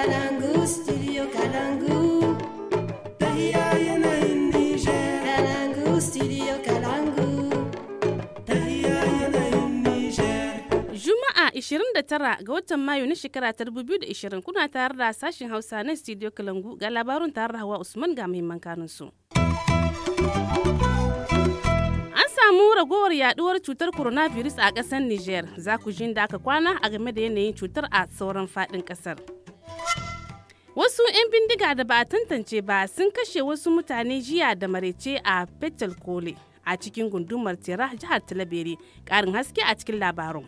Juma'a 29 ga watan Mayu na shekara ta 2020 kuna tare da sashen Hausa na studio Kalangu ga labarun tare Hawa Usman ga muhimman kanunsu. An samu ragowar yaduwar cutar coronavirus a kasar Niger za ku jin da aka kwana a game da yanayin cutar a sauran fadin ƙasar. Wasu 'yan bindiga da ba a tantance ba sun kashe wasu mutane jiya da marece a Petal Kole a cikin gundumar Tera jihar Talabere. Karin haske a cikin labarun.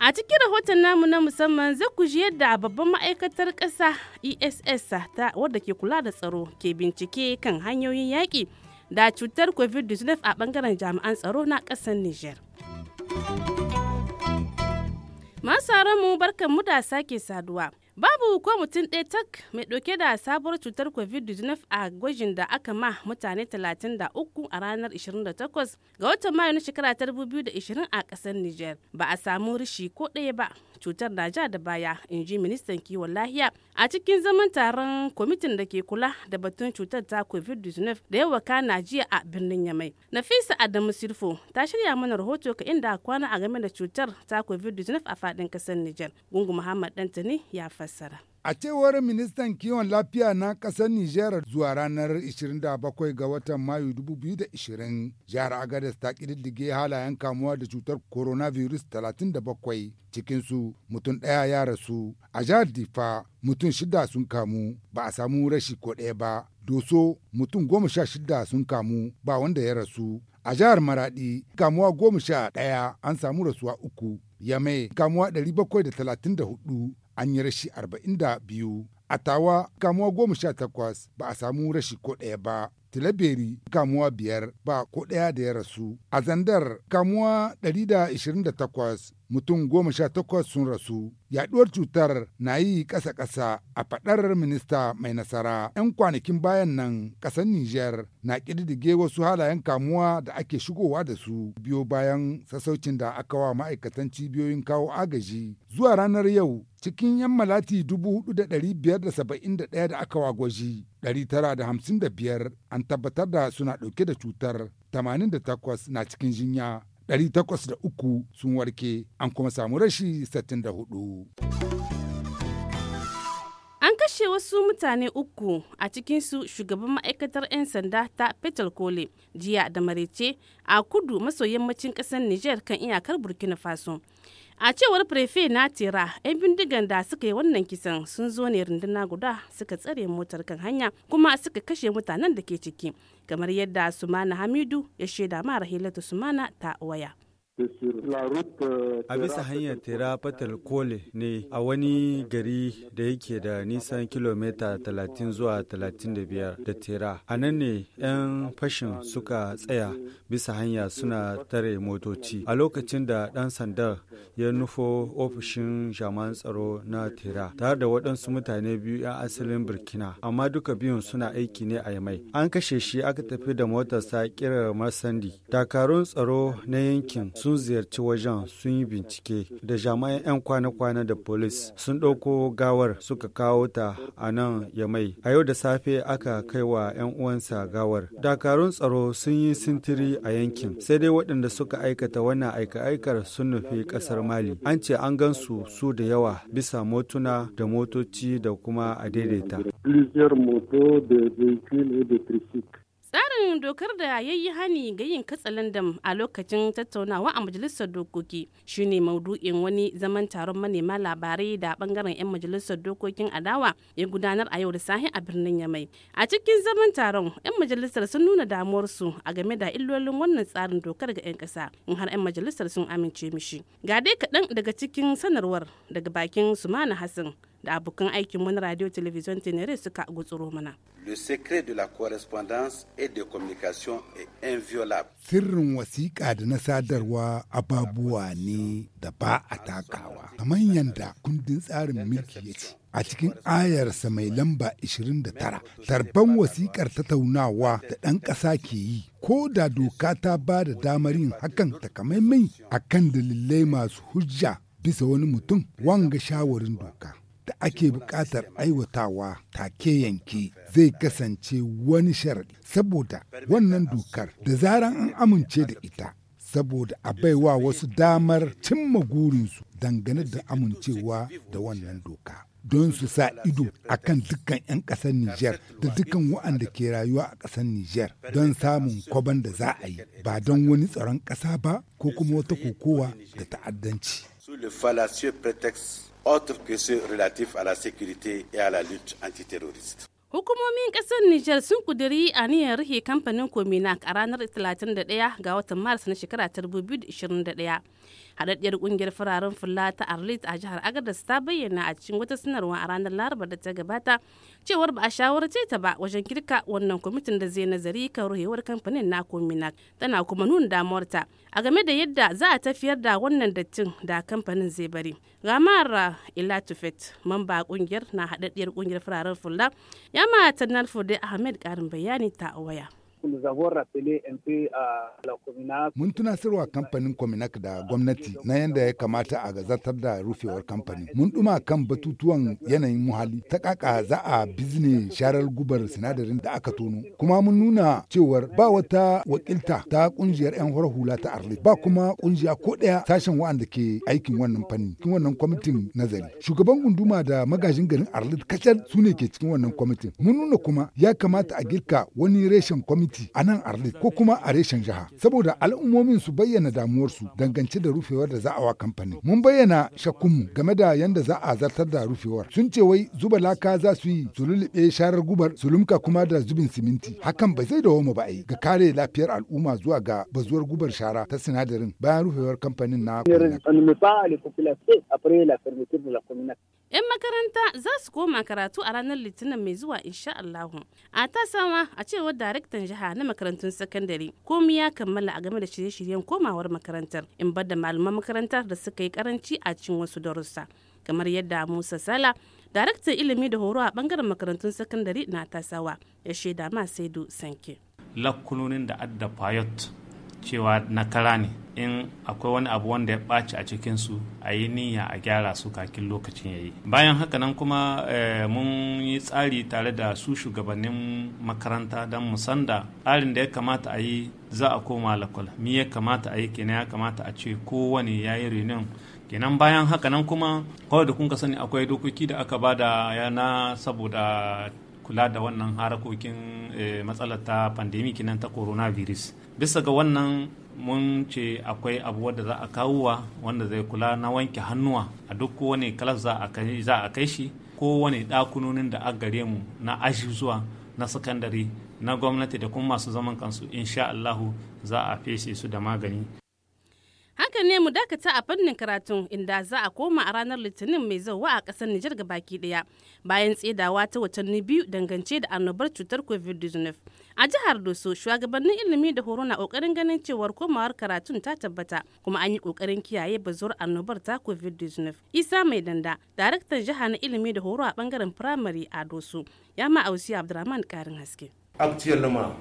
A cikin rahoton namu na musamman zai ku ji yadda babban ma'aikatar ƙasa ESS ta wadda ke kula da tsaro ke bincike kan hanyoyin yaƙi da cutar COVID-19 a bangaren jami'an tsaro na ƙasar Niger. Masu mu barkan mu da sake saduwa. Babu ko mutum ɗaya tak mai ɗauke da sabuwar cutar COVID-19 a gwajin da aka ma mutane 33 a ranar 28 ga watan Mayu na shekara ta 2020 a ƙasar Nijar. Ba a samu rishi ko ɗaya ba cutar na ja da baya in ji ministan kiwon lahiya a cikin zaman taron kwamitin da ke kula da batun cutar ta covid-19 da yawa na jiya a birnin yamai nafisa adamu sirfo ta shirya mana rahoto ka inda kwana a game da cutar ta covid-19 a faɗin kasar nijar gungu muhammad dantani ya fassara A cewar ministan kiwon lafiya na ƙasar Nijar zuwa ranar 27 ga watan Mayu 2020, jihar Agadez ta ƙididdige halayen kamuwa da cutar coronavirus 37 cikinsu mutum ɗaya ya rasu. A jihar Difa mutum shida sun kamu ba a samu rashi ko ɗaya ba. Doso mutum goma sha shida sun kamu ba wanda ya rasu. A jihar Maradi kamuwa goma sha ɗaya an samu rasuwa uku. Yame kamuwa 734 an yi rashi biyu. a tawa kamuwa goma sha takwas ba a samu rashi ko ɗaya ba tilaberi kamuwa biyar ba ko ɗaya da ya rasu a zandar kamuwa ɗari da takwas. mutum goma sha takwas sun rasu. Yaɗuwar cutar na yi ƙasa-ƙasa a faɗar minista mai nasara. 'Yan kwanakin bayan nan ƙasar Nijar na ƙididdige wasu halayen kamuwa da ake shigowa da su biyo bayan sassaucin da aka wa ma'aikatan cibiyoyin kawo agaji. Zuwa ranar yau cikin 'yan malati 4,571 da aka wa gwaji biyar, an tabbatar da suna ɗauke da cutar 88 na cikin jinya. 803 sun warke an kuma samu rashi 64. An kashe wasu mutane uku a cikin su shugaban ma'aikatar 'yan sanda ta Petal Kole jiya da marece a kudu maso yammacin ƙasar Nijar kan iyakar Burkina Faso. a cewar prefe na tera 'yan bindigan da suka yi wannan kisan sun zo ne runduna guda suka tsare motar kan hanya kuma suka kashe mutanen da ke ciki kamar yadda sumana hamidu ya shaida ma rahilatu sumana ta waya Euh, a bisa hanyar Tera Fatal Kole ne a wani gari da yake da nisan kilomita 30 zuwa 35 da Tera. A nan ne 'yan fashin suka tsaya bisa hanya suna tare motoci. A lokacin da 'dan sandar ya nufo ofishin jaman tsaro na Tera tare da waɗansu mutane biyu 'yan asalin Burkina, amma duka biyun suna aiki ne a Yamai. An kashe shi aka tafi da motarsa kirar masandi. Dakarun tsaro na yankin sun ziyarci wajen sun yi bincike da jami'an 'yan kwana-kwana da polis sun ɗauko gawar suka kawo ta a nan yamai a yau da safe aka kai wa 'yan uwansa gawar dakarun tsaro sun yi sintiri a yankin sai dai waɗanda suka aikata wannan aika-aikar sun nufi ƙasar mali an ce an gan su su da yawa bisa motuna da motoci da kuma a daidaita. tsarin dokar da ya yi hani ga yin katsalandan a lokacin tattaunawa a majalisar dokoki shine maudu'in wani zaman taron manema labarai da bangaren 'yan majalisar dokokin adawa ya gudanar a yau da sahi a birnin yamai a cikin zaman taron 'yan majalisar sun nuna damuwarsu a game da illolin wannan tsarin dokar ga 'yan kasa in har 'yan majalisar sun amince mishi ga dai kaɗan daga cikin sanarwar daga bakin sumana hassan da abokan aikin wani radio television tenere suka gutsuro mana le secret de la correspondance et de communication est inviolable sirrin wasiƙa da na sadarwa ababuwa ne da ba a takawa kamar yadda kundin tsarin mulki ya ce a cikin ayarsa mai lamba 29 tarban wasikar tattaunawa da ɗan ƙasa ke yi ko da doka ta ba da damar yin hakan takamaimai a kan dalilai masu hujja bisa wani mutum wanga shawarin doka da ake buƙatar aiwatawa take yanke zai kasance wani sharadi saboda wannan dokar da zaran an amince da ita saboda a baiwa wasu damar cimma gurinsu dangane da amincewa da wannan doka don su sa ido a kan dukkan 'yan ƙasar Nijar da dukkan waɗanda ke rayuwa a ƙasar Nijar don samun kwaban da za a yi ba don wani tsaron ƙasa ba ko kuma wata kokowa da ta'addanci. autres que ceux relatifs à la sécurité et à la lutte antiterroriste. Hukumomin ƙasar Nijar sun ƙudiri aniyar rufe kamfanin Kominak a ranar 31 ga watan Maris na shekara 2021. Haɗaɗɗiyar kungiyar fararen fula ta Arlit a jihar Agadas ta bayyana a cikin wata sanarwa a ranar Laraba da ta gabata cewar ba a shawarce ta ba wajen kirka wannan kwamitin da zai nazari kan ruhewar kamfanin na Kominak. Tana kuma nuna damuwarta a game da yadda za a tafiyar da wannan dattin da kamfanin zai bari. Gamara Ila mamba ƙungiyar na haɗaɗɗiyar ƙungiyar fararen fula, ya Malama Tannal Fode Ahmed ƙarin bayani ta waya. Euh, mun tunasarwa kamfanin Cominac da gwamnati na yadda ya kamata a gazatar da rufewar kamfanin. Mun ɗuma kan batutuwan yanayin muhalli ta kaka za a bizne sharar gubar sinadarin da aka tono. Kuma mun nuna cewar ba wata wakilta ta kungiyar 'yan har hula ta Arlit ba kuma kungiya ko ɗaya sashen wa'anda ke aikin wannan fanni cikin wannan kwamitin nazari. Shugaban gunduma da magajin garin Arlit kacal su ne ke cikin wannan kwamitin. Mun nuna kuma ya kamata a girka wani reshen kwamitin gwamnati a nan arli ko kuma a reshen jiha saboda al'ummomin su bayyana damuwarsu dangance da rufewar da za a wa kamfani. mun bayyana shakkunmu game da yanda za a zartar da rufewar sun ce wai zuba laka za su yi su lulluɓe sharar gubar su lumka kuma da zubin siminti hakan ba zai dawo ba yi ga kare lafiyar al'umma zuwa ga bazuwar gubar shara ta sinadarin bayan rufewar kamfanin na 'Yan makaranta za su koma karatu a ranar Litinin mai zuwa insha Allahu. A ta sama a cewar daraktan jiha na makarantun sakandare komi ya kammala a game da shirye-shiryen komawar makarantar in da malaman makarantar da suka yi karanci a cikin wasu darussa. Kamar yadda Musa Sala, daraktan ilimi da horo a bangaren makarantun sakandare na tasawa ya shaida ma Saidu Sanke. Lakkunonin da adda Fayot cewa na kara ne in akwai wani abu wanda ya ɓaci a cikinsu a yi niyya a gyara su kakin lokacin ya yi bayan haka nan kuma eh, mun yi tsari tare da su shugabannin makaranta don musanda tsarin da ya kamata a yi za a koma lakwal mi ya kamata a yi kenan ya kamata a ce kowane ya yi reunion kenan bayan haka nan kuma kawai da kun ka sani akwai dokoki da aka bada yana saboda kula da wannan harakokin eh, matsalar ta pandemic nan ta coronavirus bisa ga wannan mun ce akwai abu wadda za a kawo wa wanda zai kula na wanke hannuwa a duk kowane kalas za a kai shi kowane ɗakunonin da aka gare mu na ashi zuwa na sakandare na gwamnati da kuma masu zaman kansu insha Allahu za a feshe su da magani haka ne mu dakata a fannin karatun inda za a koma a ranar litinin mai zauwa a kasar Nijar ga baki daya bayan tsedawa ta watanni biyu dangance da annobar cutar COVID-19. A jihar Doso shugabannin ilimi da horo na kokarin ganin cewar komawar karatun ta tabbata kuma an yi kokarin kiyaye bazuwar annobar ta COVID-19. Isa Mai Danda, daraktan jiha na ilimi da horo a bangaren firamare a Doso, ya ma Ausi Abdurrahman karin haske. Actuellement,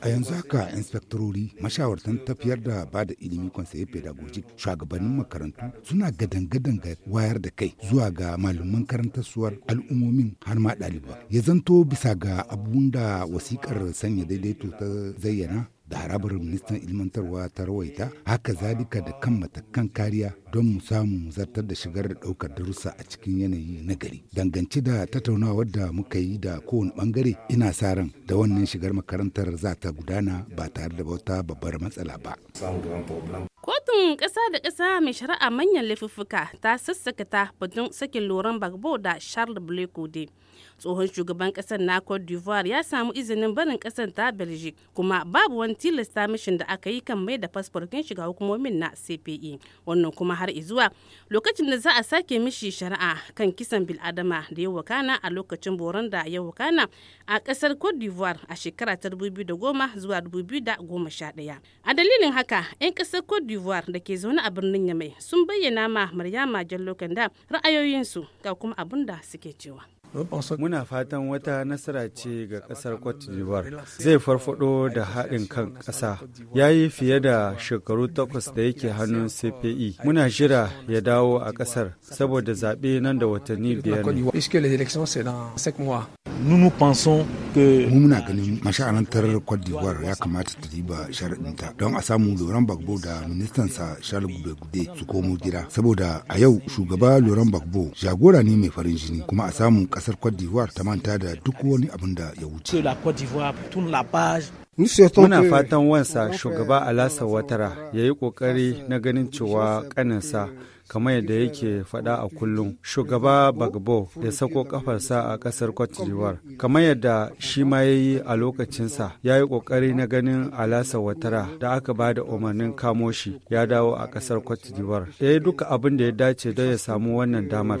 A yanzu haka inspektorori mashawartan tafiyar da ba da ilimi kwansaye pedagogic shugabannin makarantu suna gadan-gadan ga wayar da kai zuwa ga malaman karantarsuwar al'ummomin har ma ɗaliba. Ya zanto bisa ga abun da wasikar sanya daidaito ta zayyana da harabar ministan ilmantarwa ta rawaita haka zalika da kan matakan kariya don mu samu zartar da shigar da ɗaukar darussa a cikin yanayi na gari dangance da tattaunawar da muka yi da kowane bangare ina sa ran da wannan shigar makarantar za ta gudana ba tare da wata babbar matsala ba kotun ƙasa da ƙasa mai shari'a manyan laifuffuka ta sassaka ta batun sakin loran bagbo da charles blake tsohon shugaban kasar na cote d'ivoire ya samu izinin barin kasar ta belgique kuma babu wani tilasta mishin da aka yi kan mai da fasfurkin shiga hukumomin na cpe wannan kuma har izuwa lokacin da za a sake mishi shari'a kan kisan biladama da ya wakana a lokacin boron da ya wakana a kasar cote d'ivoire a shekara ta 2010 zuwa 2011 a dalilin haka 'yan kasar cote d'ivoire da ke zaune a birnin yamai sun bayyana ma maryama jallo kanda ra'ayoyinsu ga kuma abin da suke cewa Muna fatan wata nasara ce ga ƙasar Cote d'Ivoire zai farfado da haɗin kan ƙasa. Ya yi fiye da shekaru takwas da yake hannun CPE. Muna jira ya dawo a ƙasar saboda zaɓe nan da watanni biyar ne. panson. nunu mu muna ganin masharantar d'Ivoire ya kamata ta diba sharaɗinta don a samu loran bagbo da ministan ministansa charles gude su komo gida saboda a yau shugaba loran bagbo jagora ne mai farin jini kuma a samu ƙasar d'Ivoire ta manta da duk wani abin da ya wuce Muna fatan wansa shugaba Alasa Watara ya yi ƙoƙari na ganin cewa ƙaninsa kamar yadda yake faɗa a kullum shugaba Bagbo ya sako kafarsa a ƙasar Cote kamar yadda shi ma ya yi a lokacinsa ya yi ƙoƙari na ganin Alasa Watara da aka ba da umarnin kamo shi ya dawo a ƙasar Cote d'Ivoire ya eh, yi duka abin da ya dace don ya samu wannan damar.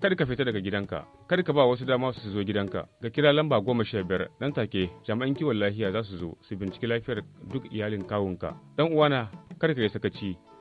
kada ka fita daga gidanka kada ka ba wasu dama su zo gidanka ga kira lamba goma sha biyar nan take jami'an kiwon lafiya za su zo su binciki lafiyar duk iyalin kawunka dan uwana kada ka yi sakaci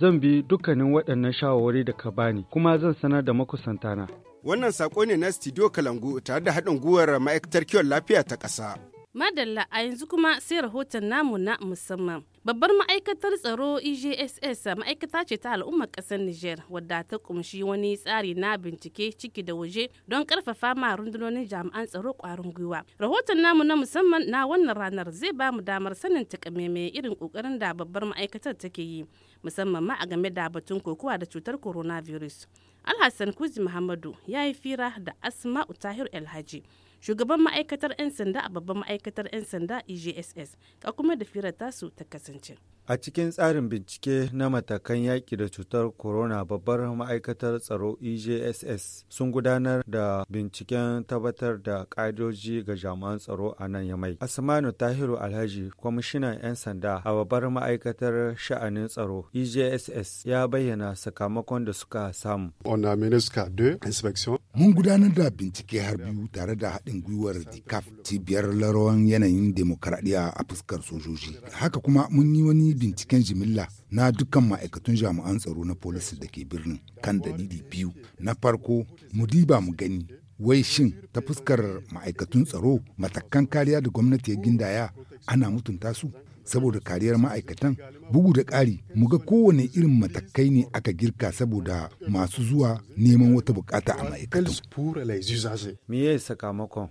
zan bi dukkanin waɗannan shawarwari da ka bani kuma zan sanar da makusantana. Wannan saƙo ne na Studio Kalangu tare da haɗin gwiwar ma'aikatar kiwon lafiya ta ƙasa. Madalla a yanzu kuma sai rahoton namu na musamman. Babbar ma'aikatar tsaro EJSS ma'aikata ce ta al'ummar ƙasar Nijar wadda ta kumshi wani tsari na bincike ciki da waje don karfafa ma rundunonin jami'an tsaro kwarin gwiwa. Rahoton namu na musamman na wannan ranar zai ba mu damar sanin takamaimai irin ƙoƙarin da babbar ma'aikatar take yi musamman ma a game da batun kokowa da cutar coronavirus. Alhassan Kuzi Muhammadu ya yi fira da Asma'u Tahir Elhaji shugaban ma'aikatar 'yan sanda a babban ma'aikatar 'yan sanda egss ga kuma da firar tasu ta kasance. A cikin tsarin bincike na matakan yaƙi da cutar corona babbar ma'aikatar tsaro EJSS sun gudanar da binciken tabbatar da ƙa'idoji ga jami'an tsaro a nan yamai. Asmanu Tahiru Alhaji, kwamishinan 'yan sanda a babbar ma'aikatar sha'anin tsaro EJSS ya bayyana sakamakon da suka samu. Mun gudanar da bincike har biyu tare da haɗin gwiwar DICAF cibiyar larawan yanayin demokaradiyya a fuskar sojoji. Haka kuma mun yi wani binciken jimilla na dukkan ma'aikatun jami'an tsaro na polisi da ke birnin kan dalili biyu na farko mu diba mu gani wai shin ta fuskar ma'aikatun tsaro matakan kariya da gwamnati ya gindaya ana mutunta su saboda kariyar ma'aikatan bugu da ƙari mu ga kowane irin matakai ne aka girka saboda masu zuwa neman wata bukata a ma'aikatan. Me ya sakamakon?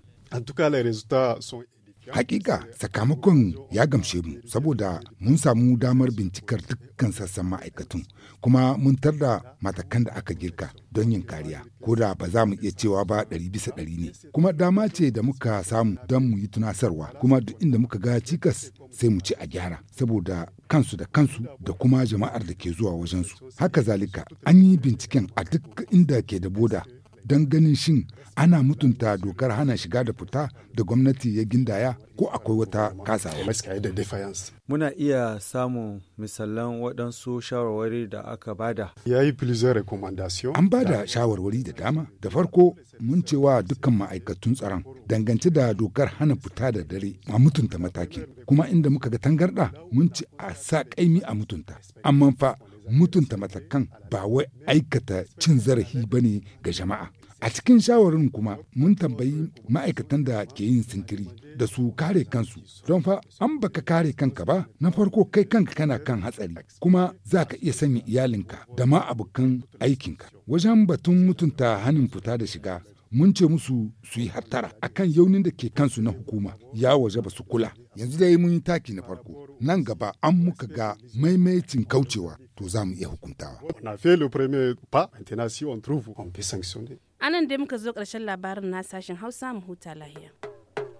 Hakika sakamakon ya gamshe mu saboda mun samu damar bincikar dukkan sassan ma'aikatun kuma mun da matakan da aka girka don yin kariya ko da ba za mu iya cewa ba ɗari bisa ɗari ne kuma dama ce da muka samu don mu yi tunasarwa kuma duk inda muka ga cikas sai mu ci a gyara saboda kansu da kansu da kuma jama'ar da ke zuwa wajensu haka zalika an yi binciken a duk inda ke da boda don ganin shin ana mutunta dokar hana shiga da fita da gwamnati ya gindaya ko akwai wata kasa kasawa. Muna iya samun misalan waɗansu shawarwari da aka bada. Ya yi An ba da shawarwari da dama. Da farko mun cewa dukkan ma'aikatun tsaron dangance da dokar hana fita da dare a mutunta matakin. Kuma inda muka ga tangarɗa mun ci a sa ƙaimi a mutunta. Amma fa mutunta matakan ba wai aikata cin zarafi ba ne ga jama'a. A cikin shawarin kuma mun tambayi ma'aikatan da ke yin sintiri da su kare kansu don fa an baka kare kanka ba na farko kai kanka kana kan hatsari kuma za ka iya sanya iyalinka da ma abokan aikinka. Wajen batun mutunta hanin fita da shiga mun ce musu su yi hattara akan yaunin da ke kansu na hukuma ya waje ba su kula yanzu dai mun yi taki na farko nan gaba an muka ga maimaicin kaucewa to za mu iya hukuntawa anan dai muka zo ƙarshen labarin na sashen hausa mu huta lahiya